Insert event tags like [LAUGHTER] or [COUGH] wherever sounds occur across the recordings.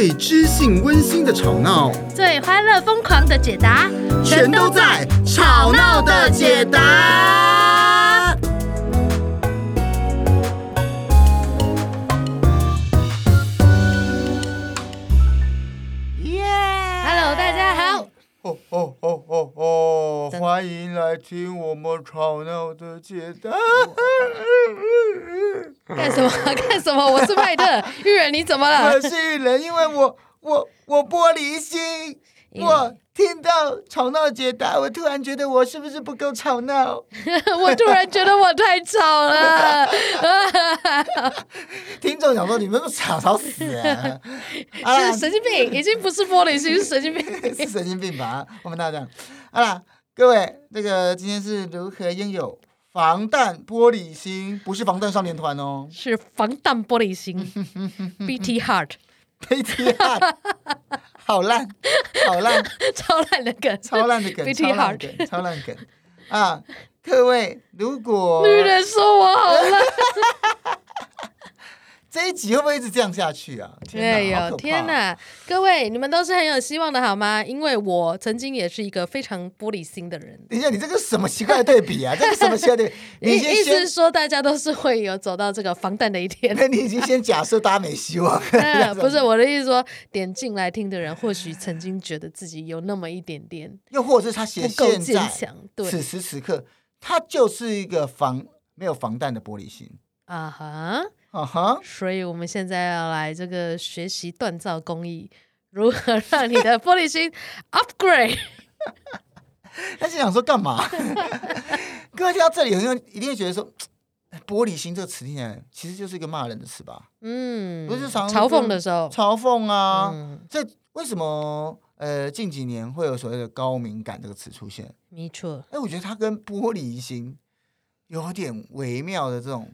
最知性溫馨的吵鬧，最歡樂瘋狂的解答，全都在《吵鬧的解答》Yeah。耶！Hello，大家好。哦哦哦哦哦。歡迎來聽我們吵鬧的解答。幹什麼？幹什麼？我是派特， [LAUGHS] 譽仁你怎麼了？我是譽仁，因為我我我玻璃心，Yeah. 我聽到吵鬧解答，我突然覺得我是不是不夠吵鬧？ [LAUGHS] 我突然覺得我太吵了。 [LAUGHS] [LAUGHS] 聽眾想說你們都吵吵死啊！ [LAUGHS] 啊是神經病，已經不是玻璃心，是神經病。 [LAUGHS] 是神經病吧？我們大家，了、啊。各位，那、這個今天是如何擁有防彈玻璃心？不是防彈少年團哦，是防彈玻璃心。 [LAUGHS] BT hard，BT hard， [LAUGHS] 好爛，好爛， [LAUGHS] 超爛的梗，超爛的梗，BT hard，超爛梗啊 [LAUGHS] 啊！各位，如果女人說我好爛。 [LAUGHS] 這一集會不會一直這樣下去啊？天哪，對哦，好可怕啊，天哪，各位，你們都是很有希望的好嗎？因為我曾經也是一個非常玻璃心的人。等一下，你這個什麼奇怪的對比啊？ [LAUGHS] 這個什麼奇怪的對比？你意思是說，大家都是會有走到這個防彈的一天？那你已經先假設大家沒希望 [LAUGHS] 啊。不是我的意思說，說點進來聽的人，或許曾經覺得自己有那麼一點點，又或者是他現在此時此刻，他就是一個防沒有防彈的玻璃心。啊哈。啊哈！Uh huh? 所以我們現在要來這個學習鍛造工藝，如何讓你的玻璃心 upgrade？ [LAUGHS] 但是想說幹嘛 [LAUGHS] [LAUGHS] 哥？各位聽到這裡，可能一定會覺得說“玻璃心”這個詞聽起來其實就是一個罵人的詞吧？嗯，不是嘲嘲諷的時候，嘲諷啊！這、嗯、為什麼？呃，近幾年會有所謂的“高敏感”這個詞出現？沒錯。哎，我覺得它跟“玻璃心”有點微妙的這種。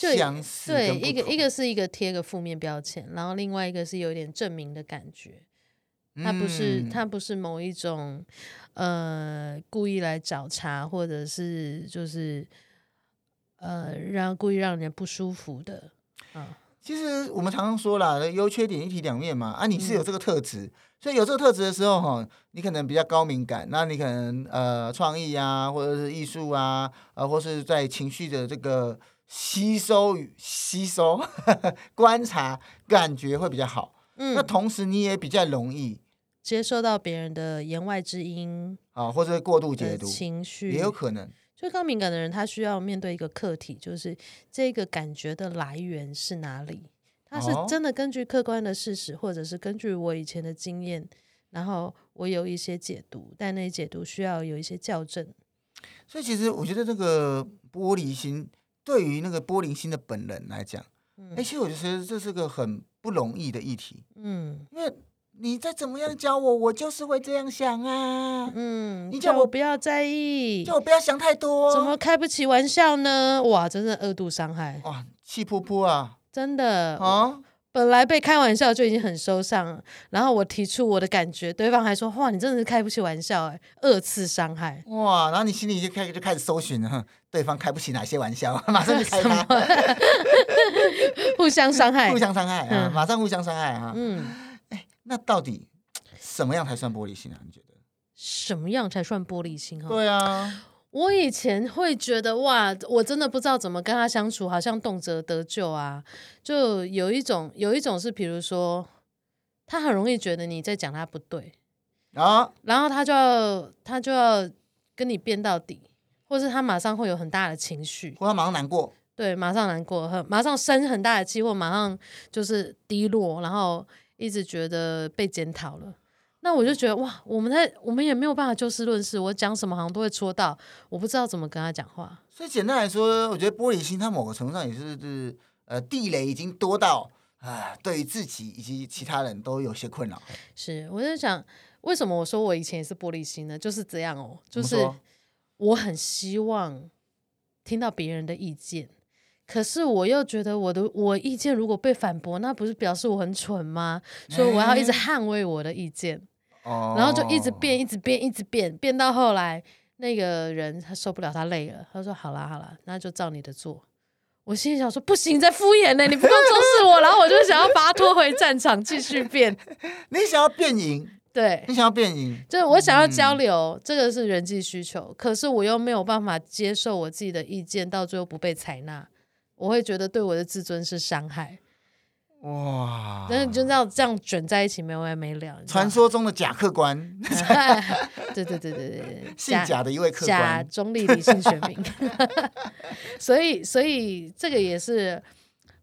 就對，對，對一個一個是一個貼個負面標籤，然後另外一個是有點證明的感覺。它不是、嗯、它不是某一種呃故意來找茬，或者是就是呃讓故意讓人家不舒服的。嗯、啊，其實我們常常說了、嗯、優缺點一體兩面嘛。啊，你是有這個特質，嗯、所以有這個特質的時候哈，你可能比較高敏感。那你可能呃創意啊，或者是藝術啊，啊、呃、或是在情緒的這個。吸收吸收呵呵觀察感覺會比較好，嗯，那同時你也比較容易接收到別人的言外之音啊、哦，或者過度解讀情緒也有可能。就高敏感的人，他需要面對一個課題，就是這個感覺的來源是哪裡？他是真的根據客觀的事實，或者是根據我以前的經驗，然後我有一些解讀，但那些解讀需要有一些校正。所以，其實我覺得這個玻璃心。對於那個玻璃心的本人來講，而且、嗯欸、我就覺得這是個很不容易的議題，嗯，因為你再怎麼樣教我，我就是會這樣想啊，嗯，你叫我，叫我不要在意，叫我不要想太多，怎麼開不起玩笑呢？哇，真的二度傷害，哇，氣噗噗啊，真的、哦本來被開玩笑就已經很受傷了，然後我提出我的感覺，對方還說：“哇，你真的是開不起玩笑哎、欸！”二次傷害。哇，然後你心裡就開就開始搜尋了，對方開不起哪些玩笑，馬上就開他。什麼 [LAUGHS] 互相傷害，互相傷害、嗯、啊！馬上互相傷害啊！嗯、哎，那到底什麼樣才算玻璃心啊？你覺得什麼樣才算玻璃心啊？對啊。我以前會覺得哇，我真的不知道怎麼跟他相處，好像動輒得咎啊。就有一種，有一種是，比如說他很容易覺得你在講他不對啊，然後他就要他就要跟你辯到底，或者他馬上會有很大的情緒，或他馬上難過，對，馬上難過，馬上生很大的氣，或馬上就是低落，然後一直覺得被檢討了。那我就覺得哇，我們在我們也沒有辦法就事論事，我講什麼好像都會戳到，我不知道怎麼跟他講話。所以簡單來說，我覺得玻璃心，它某個程度上也是、就是、呃，地雷已經多到啊，對於自己以及其他人都有些困擾。是，我在想，為什麼我說我以前也是玻璃心呢？就是這樣哦，就是我很希望聽到別人的意見，可是我又覺得我的我意見如果被反駁，那不是表示我很蠢嗎？所以我要一直捍衛我的意見。嗯然後就一直變，一直變，一直變，變到後來那個人他受不了，他累了，他說：“好啦好啦，那就照你的做。”我心裡想說：“不行，在敷衍呢、欸？你不夠重視我。” [LAUGHS] 然後我就想要把他拖回戰場，繼續變。你想要變贏？對，你想要變贏？就是我想要交流，嗯、這個是人際需求。可是我又沒有辦法接受我自己的意見，到最後不被採納，我會覺得對我的自尊是傷害。哇！但是就這樣這樣捲在一起沒完沒了。傳說中的假客觀，對對對對對對，姓賈的一位客觀假中立理性選民。所以所以這個也是，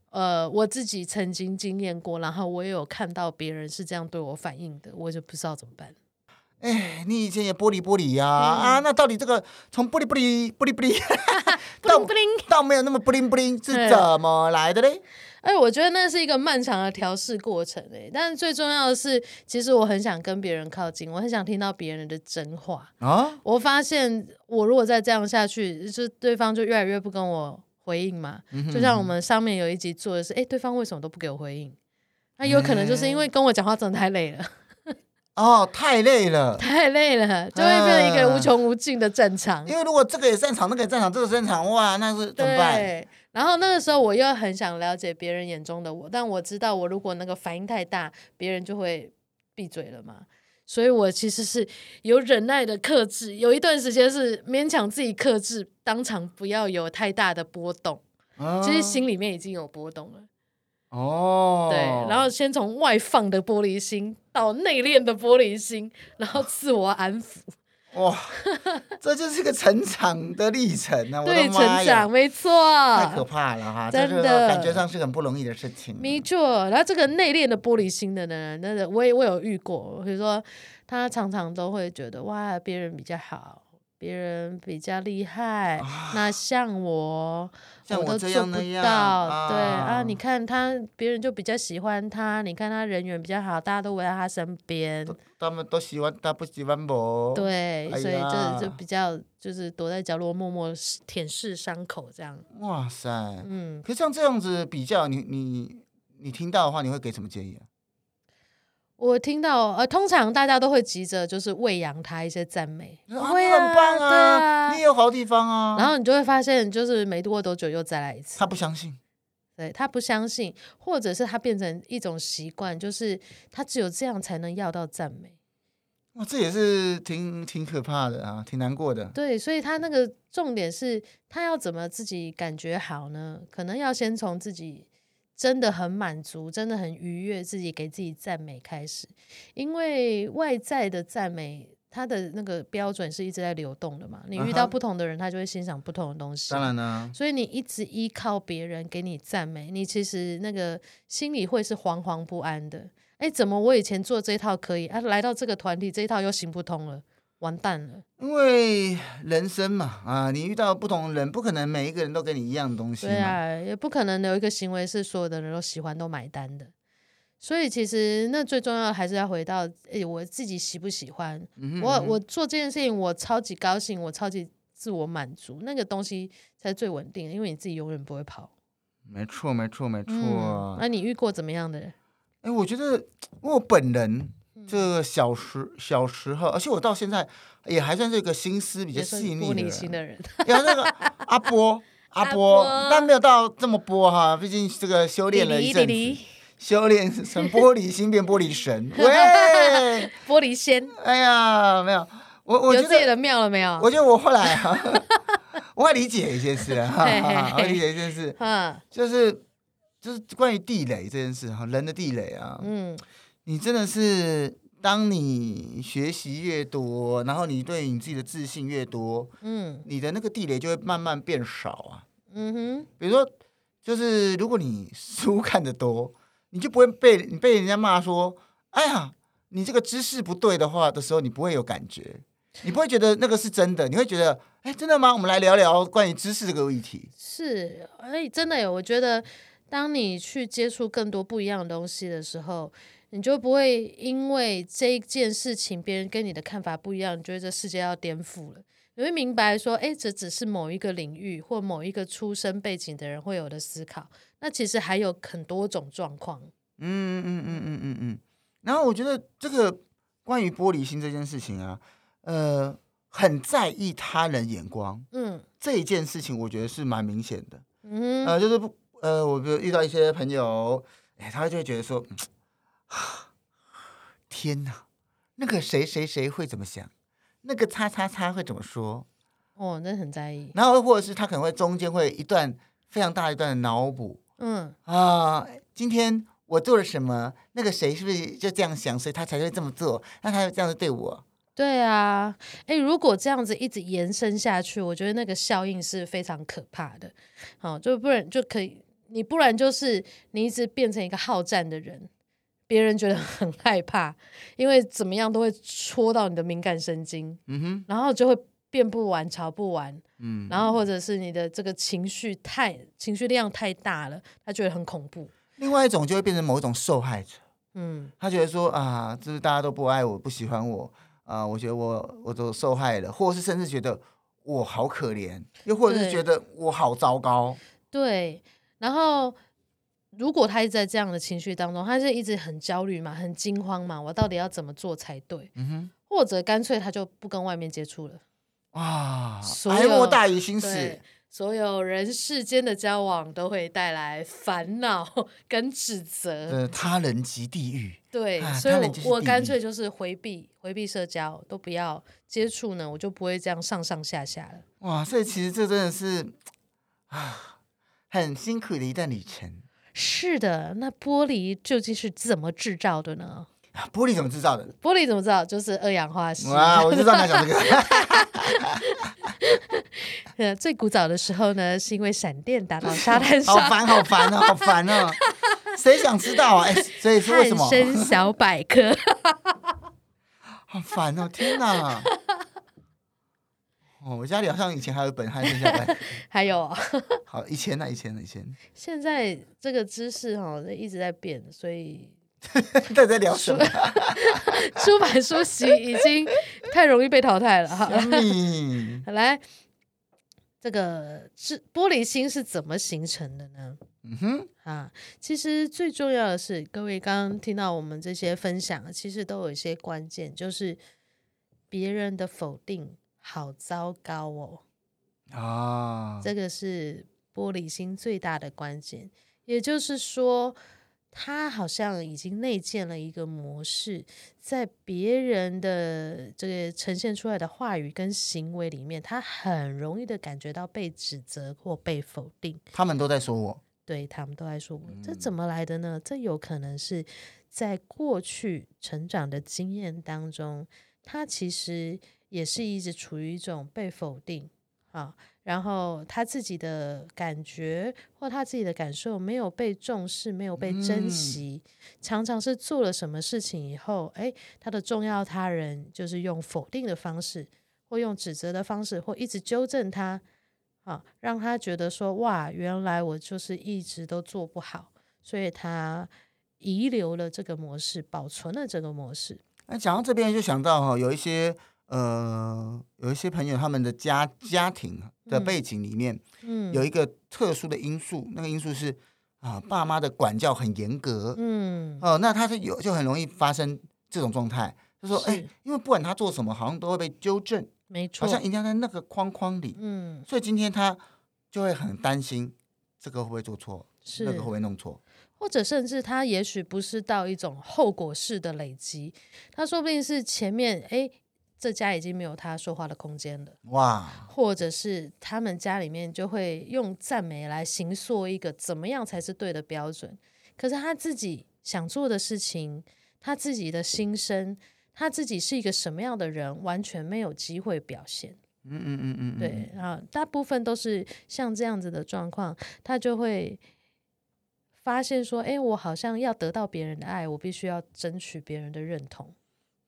呃，我自己曾經經驗過，然後我也有看到別人是這樣對我反應的，我就不知道怎麼辦。哎，你以前也玻璃玻璃呀啊？那到底這個從玻璃玻璃玻璃玻璃到倒沒有那麼不靈不靈是怎麼來的嘞？哎、欸，我覺得那是一個漫長的調試過程，哎、欸，但是最重要的是，其實我很想跟別人靠近，我很想聽到別人的真話、哦、我發現，我如果再這樣下去，就是對方就越來越不跟我回應嘛。嗯哼嗯哼，就像我們上面有一集做的是，哎、欸，對方為什麼都不給我回應？那有可能就是因為跟我講話真的太累了。嗯、 [LAUGHS] 哦，太累了，太累了，就會變成一個無窮無盡的戰場。呃、因為如果這個也戰場，那個也戰場，這個戰場，哇，那是怎麼辦？然後那個時候我又很想了解別人眼中的我，但我知道我如果那個反應太大，別人就會閉嘴了嘛。所以我其實是有忍耐的克制，有一段時間是勉強自己克制，當場不要有太大的波動。啊、其實心裡面已經有波動了，哦，對。然後先從外放的玻璃心到內斂的玻璃心，然後自我安撫。哦 [LAUGHS] 哇，哦、 [LAUGHS] 這就是個成長的歷程啊 [LAUGHS] 對，成長沒錯，太可怕了哈！真的，是感覺上是很不容易的事情，啊。沒錯，然後這個內斂的玻璃心的呢，人，那個我也我有遇過，比如說他常常都會覺得哇，別人比較好。別人比較厲害，啊、那像我，像我，這樣那樣我都做不到。啊對啊，你看他，別人就比較喜歡他，你看他人緣比較好，大家都圍在他身邊。他們都喜歡他，不喜歡我。對，哎、呀所以就是、就比較就是躲在角落默默舔舐傷口這樣。哇塞，嗯，可是像這樣子比較，你你你聽到的話，你會給什麼建議啊？我聽到，呃，通常大家都會急着就是餵養他一些讚美，啊會啊、你很棒啊，啊你有好地方啊，然後你就會發現，就是沒過多，多久又再來一次。他不相信，對他不相信，或者是他變成一種習慣，就是他只有這樣才能要到讚美。哇、啊，這也是挺挺可怕的啊，挺難過的。對，所以他那個重點是他要怎麼自己感覺好呢？可能要先從自己。真的很滿足，真的很愉悅，自己給自己讚美開始，因為外在的讚美，他的那個標準是一直在流動的嘛。你遇到不同的人，uh huh. 他就會欣賞不同的東西。當然呢，所以你一直依靠別人給你讚美，你其實那個心裡會是惶惶不安的。哎，怎麼我以前做這一套可以，啊，來到這個團體，這一套又行不通了。完蛋了，因為人生嘛，啊，你遇到不同的人，不可能每一個人都跟你一樣東西，對啊，也不可能有一個行為是所有的人都喜歡都買單的。所以其實那最重要還是要回到，哎，我自己喜不喜歡，嗯哼嗯哼，我我做這件事情我超級高興，我超級自我滿足，那個東西才是最穩定的，因為你自己永遠不會跑。沒錯，沒錯，沒錯。那、嗯啊、你遇過怎麼樣的人？哎，我覺得我本人。這個小時小時候，而且我到現在也還算是一個心思比較細膩的人，有那個阿波阿波，但沒有到這麼波哈，畢竟這個修煉了一陣子，修煉成玻璃心變玻璃神，喂，玻璃仙，哎呀，沒有，我我覺得有自己的廟了沒有？我覺得我後來啊，我會理解一些事啊，我會理解一些事，嗯，就是就是關於地雷這件事哈，人的地雷啊，嗯。你真的是，當你學習越多，然後你對你自己的自信越多，嗯，你的那個地雷就會慢慢變少啊。嗯哼，比如說，就是如果你書看得多，你就不會被你被人家罵說，哎呀，你這個知識不對的話的時候，你不會有感覺，你不會覺得那個是真的， [LAUGHS] 你會覺得，哎、欸，真的嗎？我們來聊聊關於知識這個問題。是，哎，真的，我覺得，當你去接觸更多不一樣的東西的時候。你就不會因為這一件事情，別人跟你的看法不一樣，你覺得這世界要顛覆了？你會明白說，哎，這只是某一個領域或某一個出身背景的人會有的思考。那其實還有很多種狀況。嗯嗯嗯嗯嗯嗯嗯。然後我覺得這個關於玻璃心這件事情啊，呃，很在意他人眼光，嗯，這一件事情我覺得是蠻明顯的。嗯哼，呃，就是不，呃，我比如遇到一些朋友，哎，他就會覺得說。啊！天哪，那個誰誰誰會怎麼想？那個叉叉叉會怎麼說？哦，真的很在意。然後，或者是他可能會中間會一段非常大一段的腦補。嗯啊，今天我做了什麼？那個誰是不是就這樣想，所以他才會這麼做？那他就這樣子對我？對啊，哎、欸，如果這樣子一直延伸下去，我覺得那個效應是非常可怕的。哦，就不然就可以，你不然就是你一直變成一個好戰的人。別人覺得很害怕，因為怎麼樣都會戳到你的敏感神經，嗯哼，然後就會辯不完、吵不完，嗯哼，然後或者是你的這個情緒太情緒量太大了，他覺得很恐怖。另外一種就會變成某一種受害者，嗯，他覺得說啊，就是大家都不愛我、不喜歡我啊，我覺得我我都受害了，或者是甚至覺得我好可憐，又或者是覺得我好糟糕，對，對，然後。如果他一直在這樣的情緒當中，他是一直很焦慮嘛，很驚慌嘛，我到底要怎麼做才對？嗯、哼或者乾脆他就不跟外面接觸了啊！哇，哀莫大於心死。所有人世間的交往都會帶來煩惱跟指責，呃，他人即地獄。對，啊，所以我我乾脆就是回避回避社交，都不要接觸呢，我就不會這樣上上下下了。哇，所以其實這真的是啊，很辛苦的一段旅程。是的，那玻璃究竟是怎麼製造的呢？玻璃怎麼製造的？玻璃怎麼造？就是二氧化矽。哇，我知道他講這個。呃，最古早的時候呢，是因為閃電打到沙灘上。 [LAUGHS] 好煩，好煩哦、啊，好煩哦、啊。誰想知道啊？所以說為什麼？生小百科。好煩哦、啊！天哪。哦，我家裡好像以前還有本，還剩下一 [LAUGHS] 還有、哦。 [LAUGHS] 好，以前呢，以前呢，以前。現在這個知識哈，一直在變，所以大家 [LAUGHS] 聊什麼？出版 [LAUGHS] 書籍已經太容易被淘汰了。哈米麼，來，這個是玻璃心是怎麼形成的呢？嗯哼，啊，其實最重要的是，各位剛剛聽到我們這些分享，其實都有一些關鍵，就是別人的否定。好糟糕哦！啊，這個是玻璃心最大的關鍵，也就是說，他好像已經內建了一個模式，在別人的這個呈現出來的話語跟行為裡面，他很容易的感覺到被指責或被否定。他們都在說我，對，他們都在說我，嗯、這怎麼來的呢？這有可能是在過去成長的經驗當中，他其實。也是一直處於一種被否定啊，然後他自己的感覺或他自己的感受沒有被重視，沒有被珍惜，嗯、常常是做了什麼事情以後，誒，他的重要他人就是用否定的方式，或用指責的方式，或一直糾正他，啊，讓他覺得說哇，原來我就是一直都做不好，所以他遺留了這個模式，保存了這個模式。那講到這邊就想到哈、哦，有一些。呃，有一些朋友，他們的家家庭的背景裡面，嗯嗯、有一個特殊的因素，那個因素是啊、呃，爸媽的管教很嚴格，嗯，哦、呃，那他是有就很容易發生這種狀態，就說哎是、欸，因為不管他做什麼，好像都會被糾正，沒錯錯，好像一定要在那個框框裡，嗯，所以今天他就會很擔心這個會不會做錯，是那個會不會弄錯，或者甚至他也許不是到一種後果式的累積，他說不定是前面哎。欸這家已經沒有他說話的空間了。哇！或者是他們家裡面就會用讚美來形塑一個怎麼樣才是對的標準，可是他自己想做的事情，他自己的心聲，他自己是一個什麼樣的人，完全沒有機會表現。嗯嗯嗯嗯，對啊，大部分都是像這樣子的狀況，他就會發現說：“誒，我好像要得到別人的愛，我必須要爭取別人的認同。”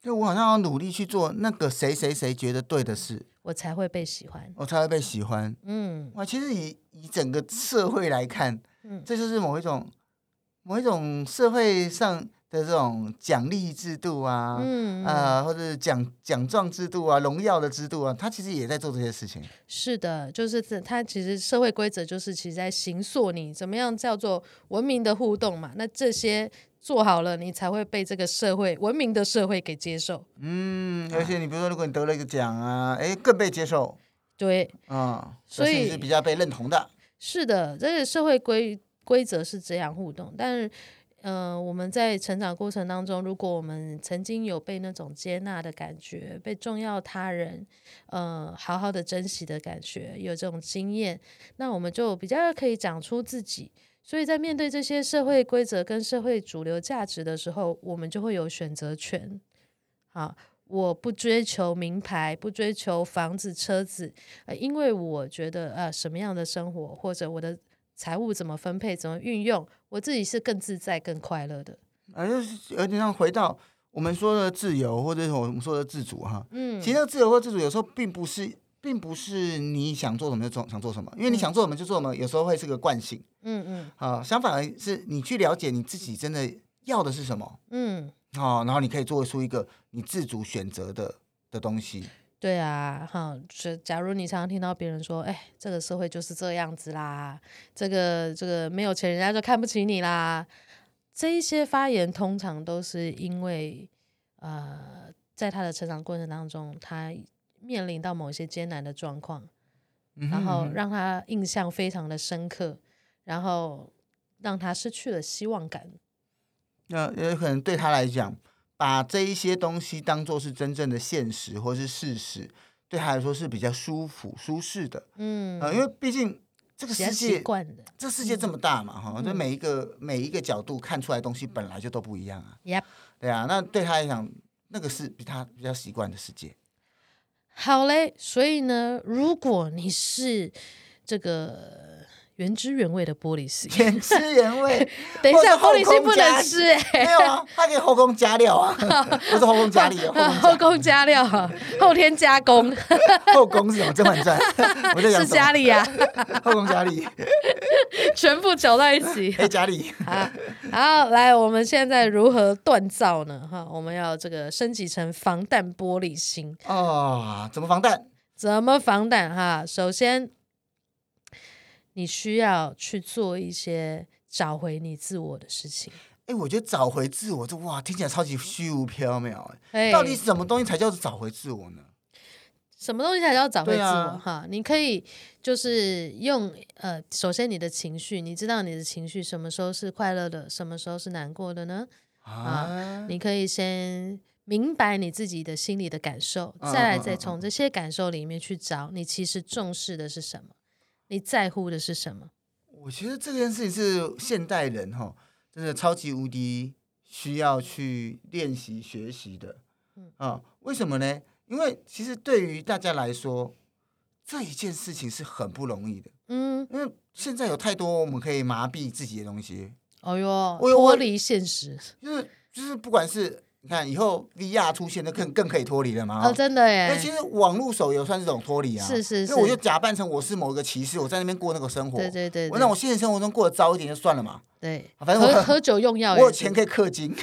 就我好像要努力去做那個誰誰誰覺得對的事，我才會被喜歡，我才會被喜歡。嗯，哇，其實以以整個社會來看，嗯，這就是某一種某一種社會上的這種獎勵制度啊，嗯啊、嗯呃，或者獎獎狀制度啊，榮耀的制度啊，他其實也在做這些事情。是的，就是這他其實社會規則就是其實在形塑你怎麼樣叫做文明的互動嘛。那這些，做好了，你才會被這個社會文明的社會給接受。嗯，而且你比如說，如果你得了一個獎啊，誒，更被接受。對，啊、嗯，所以是比較被認同的。是的，這個社會規規則是這樣互動。但是，呃，我們在成長過程當中，如果我們曾經有被那種接納的感覺，被重要他人呃好好的珍惜的感覺，有這種經驗，那我們就比較可以講出自己。所以在面對這些社會規則跟社會主流價值的時候，我們就會有選擇權。好、啊，我不追求名牌，不追求房子、車子，呃，因為我覺得，呃，什麼樣的生活或者我的財務怎麼分配、怎麼運用，我自己是更自在、更快樂的。而、啊、就是而且像回到我們說的自由，或者我們說的自主，哈，嗯，其實自由或自主有時候並不是。並不是你想做什麼就做想做什麼，因為你想做什麼就做什麼，嗯、有時候會是個慣性。嗯嗯，啊、嗯呃，相反而是，你去了解你自己真的要的是什麼。嗯，哦、呃，然後你可以做出一個你自主選擇的的東西。對啊，哈、嗯，就假如你常常聽到別人說，哎、欸，這個社會就是這樣子啦，這個這個沒有錢人家就看不起你啦，這一些發言通常都是因為，呃，在他的成長過程當中他。面臨到某些艱難的狀況，然後讓他印象非常的深刻，然後讓他失去了希望感。那也、嗯、可能對他來講，把這一些東西當做是真正的現實或是事實，對他來說是比較舒服舒適的。嗯，因為畢竟這個世界習慣這世界這麼大嘛，哈、嗯，這每一個每一個角度看出來的東西本來就都不一樣啊。嗯、對啊，那對他來講，那個是比他比較習慣的世界。好嘞，所以呢，如果你是這個。原汁原味的玻璃心，原汁原味。 [LAUGHS] 等一下，玻璃心不能吃哎、欸，沒有啊，他可以後宮加料啊，不 [LAUGHS] [LAUGHS] 是後宮加料、啊，後 [LAUGHS] 後宮加料，後天加工，後宮是什麼甄嬛傳？我在講是加料，後宮加料、啊， [LAUGHS] 加 [LAUGHS] [LAUGHS] 全部攪在一起。哎、 [LAUGHS] [LAUGHS] hey, 加利，加料啊！好，來，我們現在如何鍛造呢？哈，我們要這個升級成防彈玻璃心啊、哦？怎麼防彈？怎麼防彈？哈，首先。你需要去做一些找回你自我的事情。哎、欸，我覺得找回自我這哇聽起來超級虛無縹緲。哎、欸，到底什麼東西才叫做找回自我呢？什麼東西才叫找回自我？啊、哈，你可以就是用呃，首先你的情緒，你知道你的情緒什麼時候是快樂的，什麼時候是難過的呢？啊、啊，你可以先明白你自己的心裡的感受，再來再從這些感受裡面去找你其實重視的是什麼。你在乎的是什麼？我覺得這件事情是現代人哦，真的超級無敵需要去練習學習的。嗯、哦、啊，為什麼呢？因為其實對於大家來說，這一件事情是很不容易的。嗯，因為現在有太多我們可以麻痹自己的東西。哎呦、哦、脫離現實，就是就是，就是、不管是。你看以後 VR 出現的更更可以脫離了嘛？哦，真的耶！那其實網絡手遊算是這種脫離啊，是是是。那我就假扮成我是某個騎士，我在那邊過那個生活。對對對。我讓我現實生活中過得糟一點就算了嘛。對。反正我喝酒用藥，我有錢可以氪金。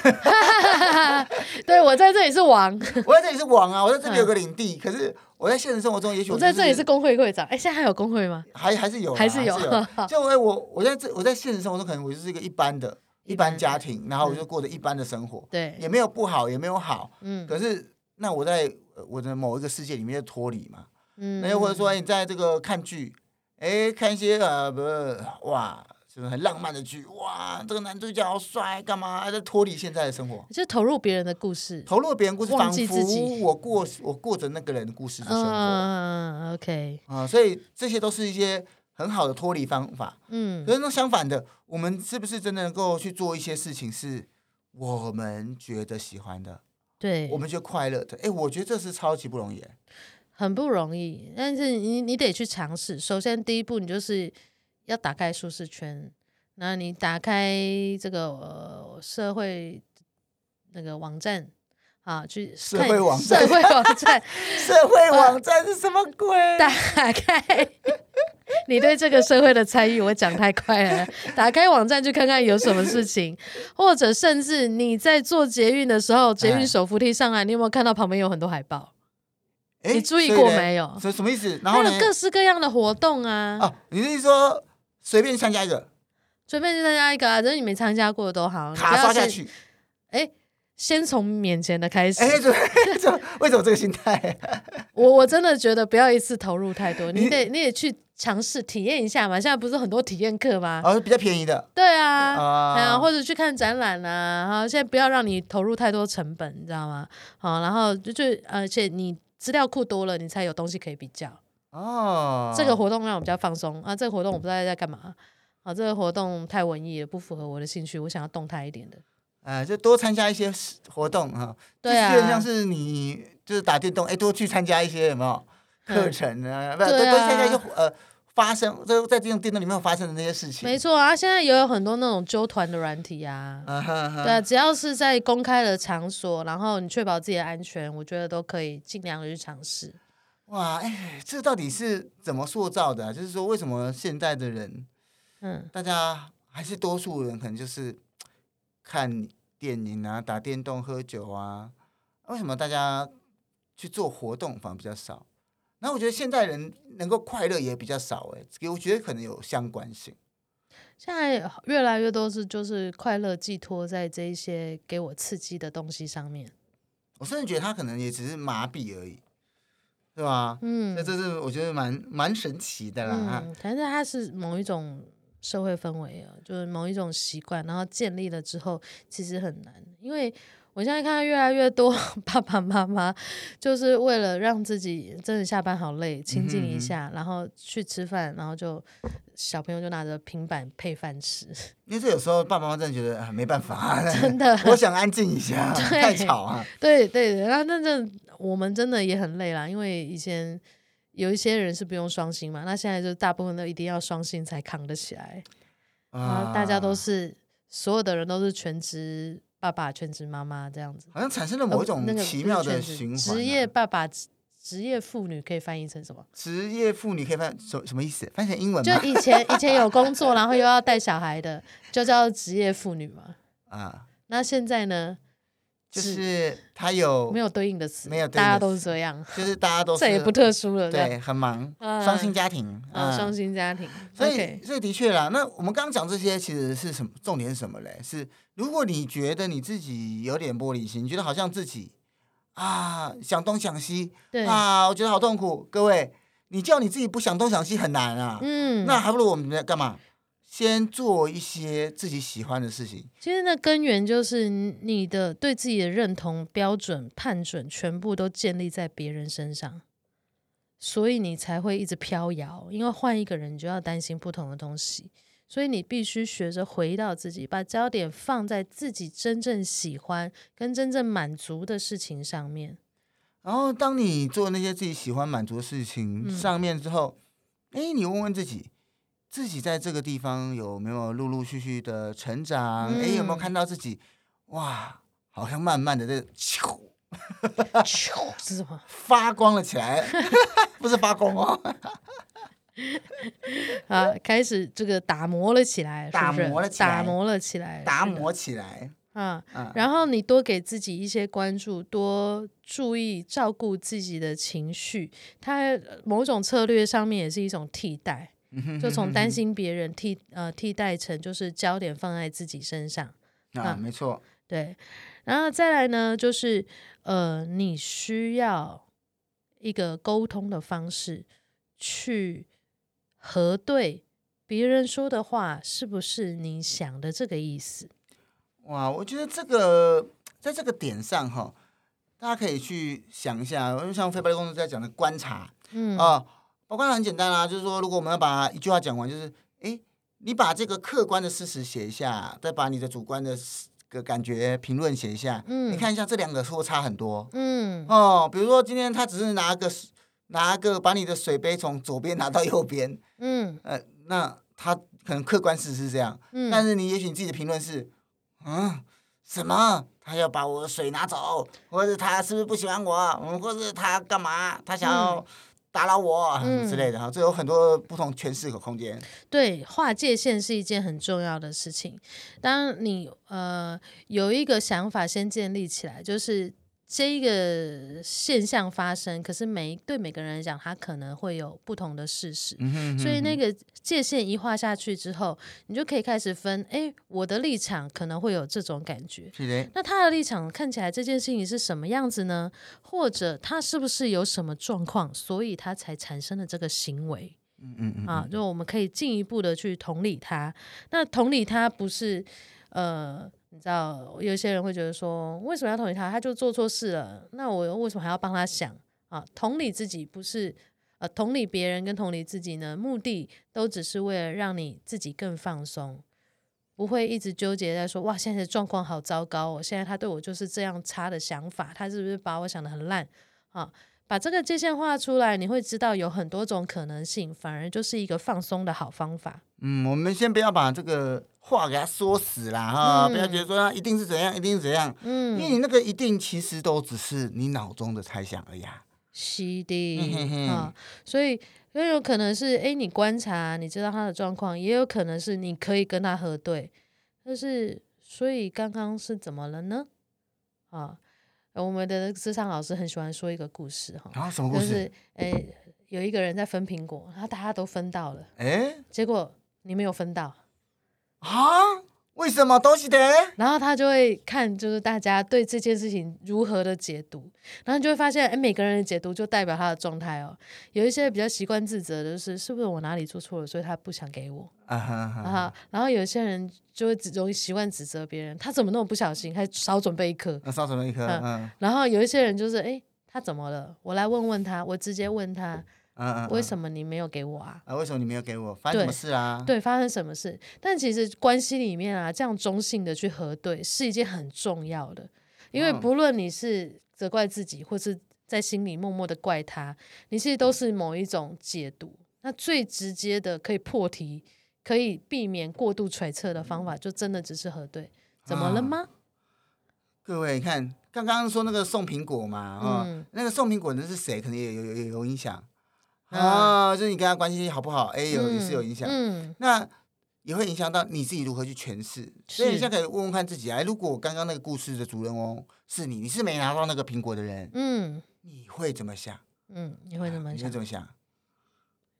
對，我在這裡是王，我在這裡是王啊！我在這裡有個領地，可是我在現實生活中，也許我在這裡是工會會長。哎，現在還有工會嗎？還還是有，還是有。就我我我在這，我在現實生活中，可能我就是一個一般的。一般家庭，然後我就過着一般的生活，嗯、對，也沒有不好，也沒有好，嗯。可是那我在我的某一個世界裡面就脫離嘛，嗯。那或者說你在這個看劇，哎、欸，看一些呃不，是哇，就是，是很浪漫的劇，哇，這個男主角好帥，幹嘛？在脫離現在的生活，就投入別人的故事，投入別人的故事，忘記自己。仿佛我過我過着那個人的故事的生活，uh, okay. 嗯嗯嗯嗯，OK，啊，所以這些都是一些。很好的脫離方法，嗯，可是那相反的，我們是不是真的能夠去做一些事情是我們覺得喜歡的？對，我們覺得快樂的。哎、欸，我覺得這是超級不容易，很不容易。但是你你得去嘗試。首先第一步，你就是要打開舒適圈。那你打開這個、呃、社會那個網站啊，去社會網站，社會網站，社會網站是什麼鬼？ [LAUGHS] 打開。 [LAUGHS] 你對這個社會的參與，我講太快了。打開網站去看看有什麼事情，或者甚至你在坐捷運的時候，捷運手扶梯上來，你有沒有看到旁邊有很多海報？你注意過沒有？什什麼意思？然後呢，各式各樣的活動啊！哦，你的意思說隨便參加一個，隨便就參加一個啊！只要你沒參加過的都好，卡刷下去。哎，先從免錢的開始。為什麼這個心態？我我真的覺得不要一次投入太多，你得，你也去。嘗試體驗一下嘛，現在不是很多體驗課嗎？啊、哦，比較便宜的。對啊，啊、嗯，或者去看展覽啊。好，現在不要讓你投入太多成本，你知道嗎？好，然後就就而且你資料庫多了，你才有東西可以比較。哦。這個活動讓我比較放鬆啊，這個活動我不知道在幹嘛。啊，這個活動太文藝也不符合我的興趣。我想要動態一點的。哎、呃，就多參加一些活動啊。哈，對啊。像是你就是打電動，哎，多去參加一些什麼。有沒有課程呢、啊？不、嗯，都對、啊、都現在就呃，發生都在這種電動裡面發生的那些事情。沒錯啊，現在也有很多那種揪團的軟體啊，啊哈啊哈對啊，只要是在公開的場所，然後你確保自己的安全，我覺得都可以盡量的去嘗試。哇，哎、欸，這到底是怎麼塑造的、啊？就是說，為什麼現在的人，嗯，大家還是多數人可能就是看電影啊、打電動、喝酒啊？為什麼大家去做活動反而比較少？那我覺得現代人能夠快樂也比較少哎，我覺得可能有相關性。現在越來越多是就是快樂寄托在這一些給我刺激的東西上面。我甚至覺得他可能也只是麻痹而已，對吧？嗯，那這是我覺得蠻蠻神奇的啦。嗯，但是它是某一種社會氛圍啊，就是某一種習慣，然後建立了之後，其實很難，因為。我現在看到越來越多爸爸媽媽，就是為了讓自己真的下班好累，清靜一下，嗯、哼然後去吃飯，然後就小朋友就拿着平板配飯吃。因為這有時候爸爸媽媽真的覺得、啊、沒辦法，真的，我想安靜一下， [LAUGHS] 對太吵啊！對對對，那那那我們真的也很累啦，因為以前有一些人是不用雙薪嘛，那現在就大部分都一定要雙薪才扛得起來啊！嗯、然後大家都是所有的人都是全職。爸爸全職媽媽這樣子，好像產生了某一種奇妙的循環、啊呃那個。職業爸爸職、職業婦女可以翻譯成什麼？職業婦女可以翻什什麼意思？翻譯成英文，就以前以前有工作， [LAUGHS] 對然後又要帶小孩的，就叫職業婦女嘛。啊，那現在呢？就是，它是，他有沒有對應的詞？沒有對應，大家都是這樣。就是大家都 [LAUGHS] 這也不特殊了，對，樣很忙。雙薪、uh, 家庭，雙薪、uh, 家庭。okay 所以，所以的確啦。那我們剛講這些，其實是什麼，重點是什麼嘞？是如果你覺得你自己有點玻璃心，你覺得好像自己啊想東想西，對啊，我覺得好痛苦。各位，你叫你自己不想東想西很難啊。嗯，那還不如我們在幹嘛？先做一些自己喜歡的事情，其實那根源就是你的對自己的認同標準、判準全部都建立在別人身上，所以你才會一直飄搖。因為換一個人，你就要擔心不同的東西，所以你必須學着回到自己，把焦點放在自己真正喜歡跟真正滿足的事情上面。然後，當你做那些自己喜歡滿足的事情上面之後，哎、嗯，你問問自己。自己在這個地方有沒有陸陸續續的成長？哎，有沒有看到自己？哇，好像慢慢的在，啾啾，是什麼發光了起來？不是發光哦，開始這個打磨了起來，打磨了起來，打磨了起來，打磨起來。啊，然後你多給自己一些關注，多注意照顧自己的情緒，它某種策略上面也是一種替代。 [LAUGHS] 就從擔心別人替呃替代成，就是焦點放在自己身上啊，嗯、沒錯，對，然後再來呢，就是呃，你需要一個溝通的方式去核對別人說的話是不是你想的這個意思。哇，我覺得這個在這個點上哈、哦，大家可以去想一下，因為像非暴力溝通在講的觀察，嗯啊。哦我剛才很簡單啊，就是說，如果我們要把一句話講完，就是，誒，你把這個客觀的事實寫一下，再把你的主觀的個感覺評論寫一下，嗯，你看一下這兩個說差很多，嗯，哦，比如說今天他只是拿個拿個把你的水杯從左邊拿到右邊，嗯，呃，那他可能客觀事實是這樣，嗯，但是你也許你自己的評論是，嗯，什麼？他要把我的水拿走，或者他是不是不喜歡我？或者是他幹嘛？他想要。嗯打擾我、嗯、之類的，哈，這有很多不同詮釋和空間。對，劃界限是一件很重要的事情。當你呃有一個想法先建立起來，就是。這一個現象發生，可是每對每個人來講，他可能會有不同的事實，嗯哼嗯哼，所以那個界限一畫下去之後，你就可以開始分，哎，我的立場可能會有這種感覺，是的，那他的立場看起來這件事情是什麼樣子呢？或者他是不是有什麼狀況，所以他才產生了這個行為？嗯哼嗯嗯，啊，就我們可以進一步的去同理他，那同理他不是呃。你知道有些人會覺得說，為什麼要同理他？他就做錯事了。那我為什麼還要幫他想啊？同理自己不是呃，同理別人跟同理自己呢？目的都只是為了讓你自己更放鬆，不會一直糾結在說哇，現在的狀況好糟糕哦。我現在他對我就是這樣差的想法，他是不是把我想得很爛啊？把這個界限畫出來，你會知道有很多種可能性，反而就是一個放鬆的好方法。嗯，我們先不要把這個話給他說死了哈，哦嗯、不要覺得說他一定是怎樣，一定是怎樣，嗯，因為你那個一定其實都只是你腦中的猜想而已、啊，是的，啊、嗯哦，所以很有可能是哎、欸，你觀察，你知道他的狀況，也有可能是你可以跟他核對，就是所以剛剛是怎麼了呢？啊、哦，我們的諮商老師很喜歡說一個故事哈、哦啊，什麼故事？就是哎、欸，有一個人在分蘋果，然後大家都分到了，哎、欸，結果你沒有分到。啊，為什麼都是的？然後他就會看，就是大家對這件事情如何的解讀，然後你就會發現，哎，每個人的解讀就代表他的狀態哦。有一些比較習慣自責的，就是是不是我哪裡做錯了，所以他不想給我啊。啊啊啊然後然後有一些人就會只容易習慣指責別人，他怎麼那麼不小心，還少準備一顆、嗯？少準備一顆。嗯嗯、然後有一些人就是，哎，他怎麼了？我來問問他，我直接問他、嗯。嗯、啊啊啊啊，為什麼你沒有給我啊？啊，為什麼你沒有給我？發生什麼事啊？對，對，發生什麼事？但其實關係裡面啊，這樣中性的去核對是一件很重要的，因為不論你是責怪自己，或是在心裡默默的怪他，你其實都是某一種解讀。那最直接的可以破題，可以避免過度揣測的方法，就真的只是核對，怎麼了嗎？啊、各位，你看剛剛說那個送蘋果嘛，啊、哦、嗯，那個送蘋果的是誰？可能也有有有影響。啊，就是你跟他關係好不好？哎，有也是有影響，嗯，那也會影響到你自己如何去詮釋。所以你現在可以問問看自己：哎，如果剛剛那個故事的主人翁是你，你是沒拿到那個蘋果的人，嗯，你會怎麼想？嗯，你會怎麼想？你會怎麼想？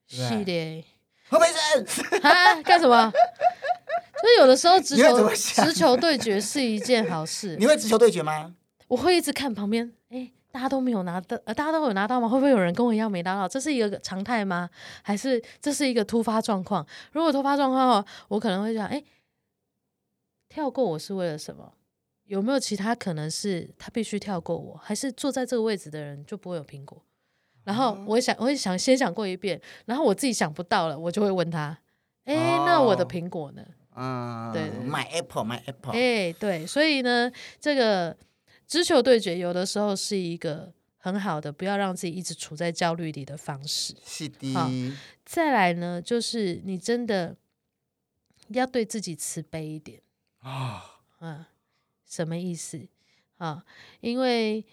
是的。何美珍啊，幹什麼？所以有的時候直球直球對決是一件好事。你會直球對決嗎？我會一直看旁邊，哎。大家都沒有拿到，呃，大家都有拿到嗎？會不會有人跟我一樣沒拿到？這是一個常態嗎？還是這是一個突發狀況？如果突發狀況哦，我可能會想，哎、欸，跳過我是為了什麼？有沒有其他可能是他必須跳過我？還是坐在這個位置的人就不會有蘋果？然後我想，我會想先想過一遍，然後我自己想不到了，我就會問他，哎、欸，哦，那我的蘋果呢？嗯，對，對，對，買 Apple，買 Apple，哎、欸，對，所以呢，這個。直球對決有的時候是一個很好的，不要讓自己一直處在焦慮裡的方式。是的、哦。再來呢，就是你真的要對自己慈悲一點、哦、啊！嗯，什麼意思啊？因為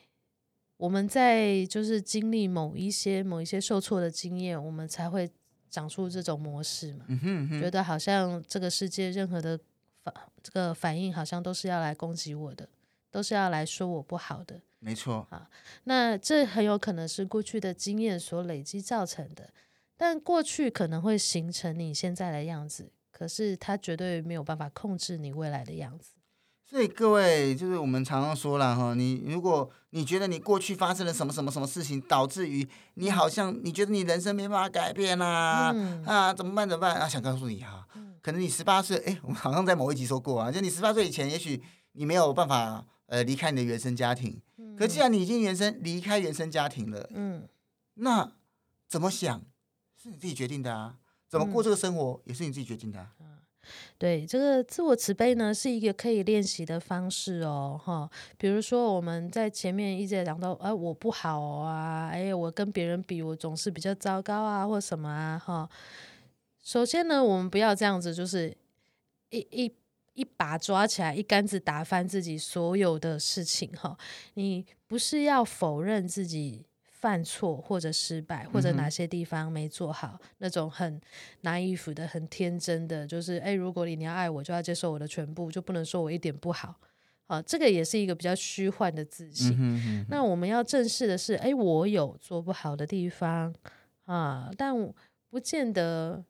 我們在就是經歷某一些某一些受挫的經驗，我們才會長出這種模式嘛。嗯哼，嗯哼。覺得好像這個世界任何的反這個反應，好像都是要來攻擊我的。都是要來說我不好的，沒錯啊。那這很有可能是過去的經驗所累積造成的，但過去可能會形成你現在的樣子，可是他絕對沒有辦法控制你未來的樣子。所以各位，就是我們常常說了哈，你如果你覺得你過去發生了什麼什麼什麼事情，導致於你好像你覺得你人生沒辦法改變啦、啊，嗯、啊怎麼辦怎麼辦啊？想告訴你哈、啊，嗯、可能你十八歲，誒、欸，我好像在某一集說過啊，就你十八歲以前，也許你沒有辦法。呃，離開你的原生家庭，可是既然你已經原生離、嗯、開原生家庭了，嗯，那怎麼想是你自己決定的啊？怎麼過這個生活、嗯、也是你自己決定的、啊。對，這個自我慈悲呢是一個可以練習的方式哦，哈。比如說我們在前面一直在講到，哎、啊，我不好啊，哎我跟別人比，我總是比較糟糕啊，或什麼啊，哈。首先呢，我們不要這樣子，就是一一。一一把抓起來，一竿子打翻自己所有的事情哈、哦。你不是要否認自己犯錯或者失敗，或者哪些地方沒做好、嗯、哼那種很 naive 的、很天真的，就是誒、欸，如果你你要愛我，就要接受我的全部，就不能說我一點不好。好、啊，這個也是一個比較虛幻的自信。嗯哼嗯哼，那我們要正視的是，誒、欸，我有做不好的地方啊，但不見得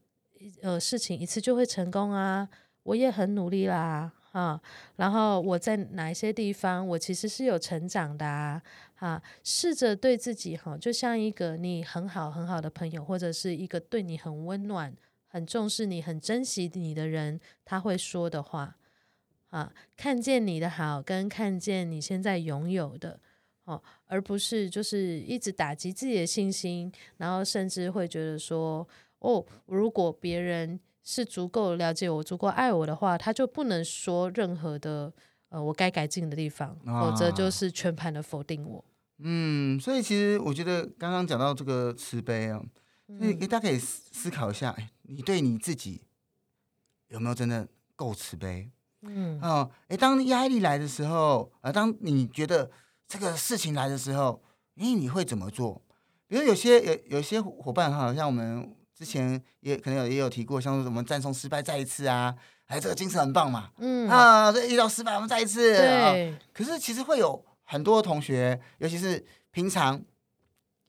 呃，事情一次就會成功啊。我也很努力啦，啊，然後我在哪一些地方，我其實是有成長的啊，啊。試着對自己，啊，就像一個你很好很好的朋友，或者是一個對你很溫暖、很重視你、很珍惜你的人，他會說的話，啊，看見你的好跟看見你現在擁有的，哦，啊，而不是就是一直打擊自己的信心，然後甚至會覺得說，哦，如果別人。是足夠了解我、足夠愛我的話，他就不能說任何的呃我該改進的地方，否則就是全盤的否定我、啊。嗯，所以其實我覺得剛剛講到這個慈悲啊，所以、嗯、大家可以思考一下，哎，你對你自己有沒有真的夠慈悲？嗯，哦、啊，哎、欸，當壓力來的時候，啊，當你覺得這個事情來的時候，哎、欸，你會怎麼做？比如有些有有些夥伴哈，像我們。之前也可能有也有提過，像什麼讚頌失敗再一次啊，哎，這個精神很棒嘛，嗯啊，所以這遇到失敗我們再一次對、啊，可是其實會有很多同學，尤其是平常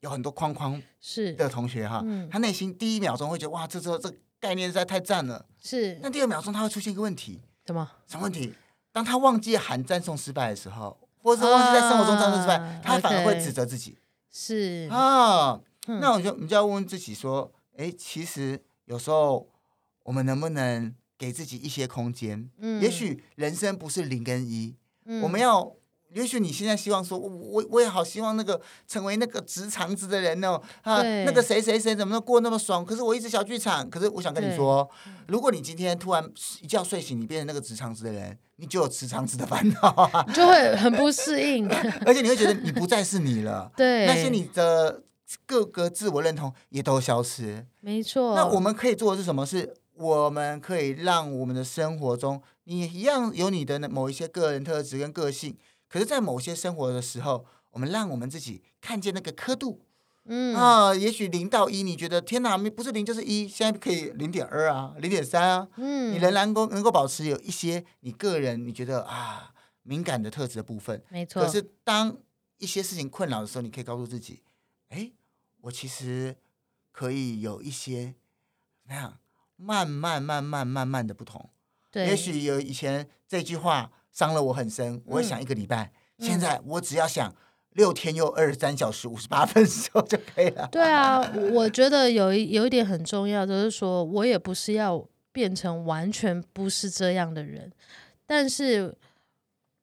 有很多框框是的同學哈，他內、嗯、心第一秒鐘會覺得哇，這這這概念實在太讚了，是。那第二秒鐘他會出現一個問題，什麼？什麼問題？當他忘記喊讚頌失敗的時候，或者是忘記在生活中讚頌失敗，啊、他反而會指責自己，是啊。嗯、那我就你就要問問自己說。哎，其實有時候我們能不能給自己一些空間？嗯，也許人生不是零跟一。嗯，我們要，也許你現在希望說，我我也好希望那個成為那個直腸子的人哦，啊，對那個誰誰誰怎麼過那麼爽？可是我一直小劇場。可是我想跟你說，對如果你今天突然一覺睡醒，你變成那個直腸子的人，你就有直腸子的煩惱，啊，就會很不適應， [LAUGHS] 而且你會覺得你不再是你了。 [LAUGHS] 對，那是你的。各個自我認同也都消失，沒錯。那我們可以做的是什麼？是我們可以讓我們的生活中，你一樣有你的某一些個人特質跟個性，可是，在某些生活的時候，我們讓我們自己看見那個刻度，嗯啊，也許零到一，你覺得天哪，不是零就是一，現在可以零點二啊，零點三啊，嗯，你仍然能夠能夠保持有一些你個人你覺得啊敏感的特質的部分，沒錯。可是當一些事情困擾的時候，你可以告訴自己，誒……我其實可以有一些那樣慢慢慢慢慢慢的不同，對，也許有以前這句話傷了我很深，嗯、我想一個禮拜，嗯、現在我只要想六天又二十三小時五十八分的時候就可以了。對啊， [LAUGHS] 我覺得有一有一點很重要，就是說我也不是要變成完全不是這樣的人，但是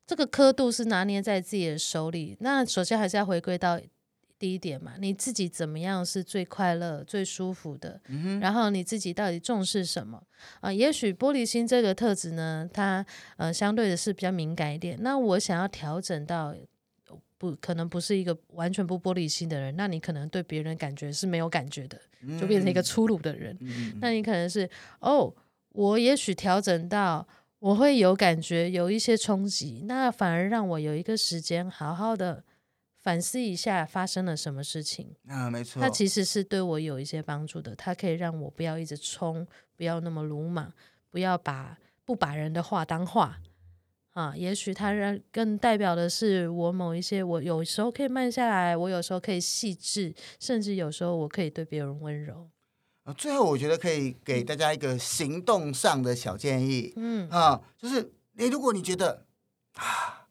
這個刻度是拿捏在自己的手裡。那首先還是要回歸到。第一點嘛，你自己怎麼樣是最快樂、最舒服的？嗯哼。然後你自己到底重視什麼啊？呃，也許玻璃心這個特質呢，它呃相對的是比較敏感一點。那我想要調整到，不可能不是一個完全不玻璃心的人。那你可能對別人感覺是沒有感覺的，就變成一個粗魯的人。嗯嗯。那你可能是哦，我也許調整到我會有感覺，有一些衝擊，那反而讓我有一個時間好好的，反思一下發生了什麼事情啊，沒錯，他其實是對我有一些幫助的。它可以讓我不要一直衝，不要那麼魯莽，不要把不把人的話當話啊。也許它讓更代表的是我某一些，我有時候可以慢下來，我有時候可以細緻，甚至有時候我可以對別人溫柔。啊，最後我覺得可以給大家一個行動上的小建議，嗯啊，就是你、欸、如果你覺得啊，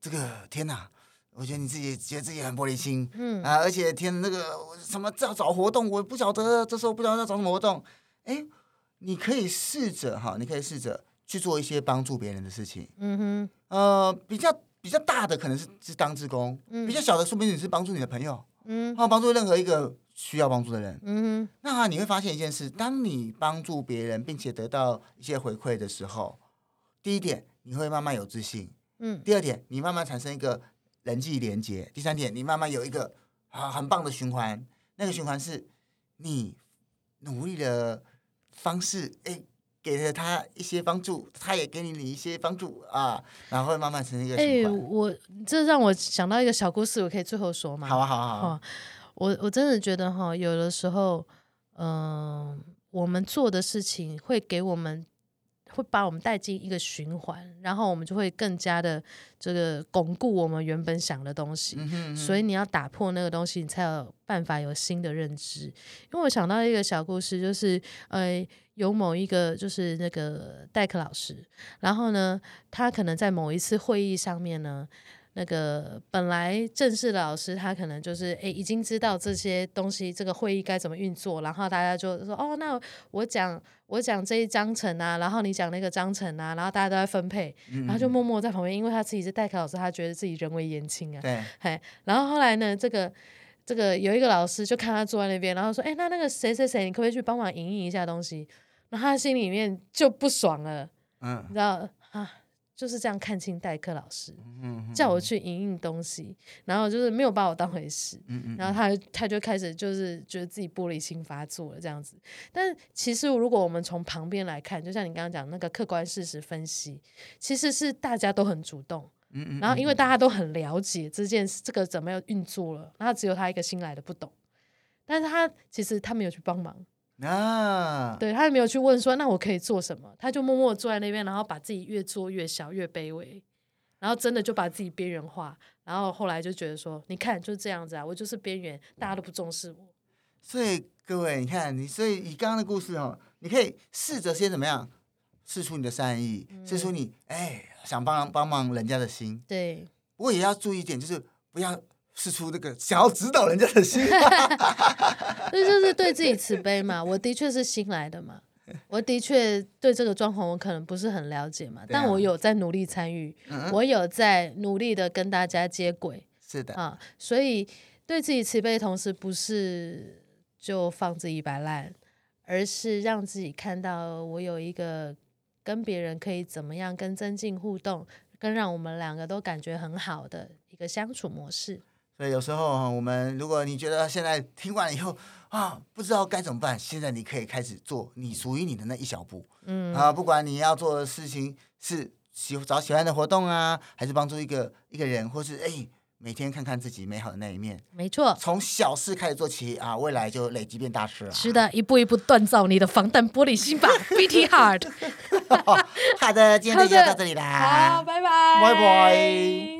這個天哪。我覺得你自己覺得自己很玻璃心，嗯啊，而且天那個什麼要找活動，我不曉得，這時候不知道要找什麼活動，哎，你可以試着哈，你可以試着去做一些幫助別人的事情，嗯哼，呃，比較比較大的可能是是當志工，嗯、比較小的說明你是幫助你的朋友，嗯，或、啊、幫助任何一個需要幫助的人，嗯哼，那哈你會發現一件事，當你幫助別人並且得到一些回饋的時候，第一點你會慢慢有自信，嗯，第二點你慢慢產生一個。人際連接，第三點，你慢慢有一個啊，很棒的循環，那個循環是，你努力的方式，哎，給了他一些幫助，他也給你你一些幫助啊，然後慢慢成為一個循環。哎，我這讓我想到一個小故事，我可以最後說嗎？好啊，好啊，好啊，我我真的覺得哈，有的時候，嗯，我們做的事情會給我們。會把我們帶進一個循環，然後我們就會更加的這個鞏固我們原本想的東西。所以你要打破那個東西，你才有辦法有新的認知。因為我想到一個小故事，就是呃，有某一個就是那個代課老師，然後呢，他可能在某一次會議上面呢。那個本來正式的老師，他可能就是誒已經知道這些東西，這個會議該怎麼運作，然後大家就說哦，那我講我講這一章程啊，然後你講那個章程啊，然後大家都在分配，嗯嗯，然後就默默在旁邊，因為他自己是代課老師，他覺得自己人微言輕啊。對。然後後來呢，這個這個有一個老師就看他坐在那邊，然後說，哎，那那個誰誰誰，你可不可以去幫忙印印一下東西？那他心裡面就不爽了，嗯，你知道。就是這樣看清代課老師，叫我去影印東西，然後就是沒有把我當回事，然後他他就開始就是覺得、就是、自己玻璃心發作了這樣子。但其實如果我們從旁邊來看，就像你剛剛講的那個客觀事實分析，其實是大家都很主動，然後因為大家都很了解這件事這個怎麼樣運作了，然後只有他一個新來的不懂，但是他其實他沒有去幫忙。啊，對他也沒有去問說，那我可以做什麼？他就默默坐在那邊，然後把自己越做越小，越卑微，然後真的就把自己邊緣化。然後後來就覺得說，你看就是這樣子啊，我就是邊緣，大家都不重視我。所以各位，你看，你所以以剛剛的故事哦，你可以試着先怎麼樣，釋出你的善意，釋出你哎、嗯、想幫幫忙人家的心。對，不過也要注意一點，就是不要。是出這個想要指導人家的心，所以就是對自己慈悲嘛。我的確是新來的嘛，我的確對這個裝潢，我可能不是很了解嘛，但我有在努力參與，我有在努力的跟大家接軌。是的啊，所以對自己慈悲的同時，不是就放自己擺爛，而是讓自己看到我有一個跟別人可以怎麼樣跟增進互動，跟讓我們兩個都感覺很好的一個相處模式。對，有時候我們，如果你覺得現在聽完了以後啊，不知道該怎麼辦，現在你可以開始做你屬於你的那一小步。嗯，啊，不管你要做的事情是喜找喜歡的活動啊，還是幫助一個一個人，或是哎每天看看自己美好的那一面，沒錯，從小事開始做起啊，未來就累積變大事了。是的，一步一步鍛造你的防彈玻璃心吧，BT hard。好的，今天就到這裡啦，好，拜拜，拜拜。